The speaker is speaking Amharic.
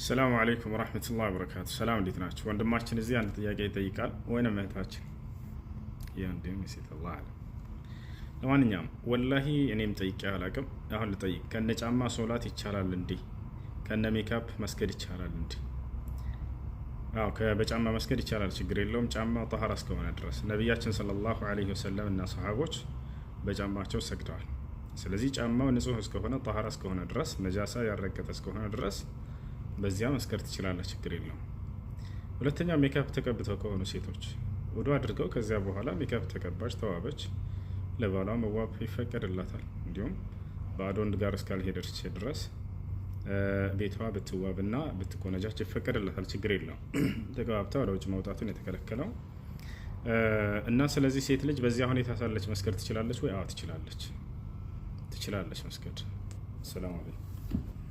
አሰላሙ አለይኩም ወረህመቱላሂ ወበረካቱ። ሰላም እንዴት ናቸው? ወንድማችን እዚህ አንድ ጥያቄ ይጠይቃል፣ ወይንም እህታችን እንዲሁም ሴት አለ። ለማንኛውም ወላሂ እኔም ጠይቄ አላቅም። አሁን ልጠይቅ። ከነ ጫማ ሶላት ይቻላል እንዴ? ከነ ሜካፕ መስገድ ይቻላል እንዴ? አዎ በጫማ መስገድ ይቻላል፣ ችግር የለውም። ጫማው ጠሀራ እስከሆነ ድረስ ነቢያችን ሰለላሁ አለይሂ ወሰለም እና ሰሃቦች በጫማቸው ሰግደዋል። ስለዚህ ጫማው ንጹህ እስከሆነ ጠሀራ እስከሆነ ድረስ ነጃሳ ያረገጠ እስከሆነ ድረስ በዚያ መስከር ትችላለች፣ ችግር የለም። ሁለተኛ ሜካፕ ተቀብተው ከሆኑ ሴቶች ውዱ አድርገው ከዚያ በኋላ ሜካፕ ተቀባች፣ ተዋበች፣ ለባሏ መዋብ ይፈቀድላታል። እንዲሁም በአዶንድ ጋር እስካልሄደች ድረስ ቤቷ ብትዋብና ብትቆነጃች ይፈቀድላታል፣ ችግር የለም። ተቀባብታ ወደ ውጭ መውጣቱን የተከለከለው እና ስለዚህ ሴት ልጅ በዚያ ሁኔታ ሳለች መስከር ትችላለች ወይ? አዎ ትችላለች፣ ትችላለች መስገድ። ሰላም አለይኩም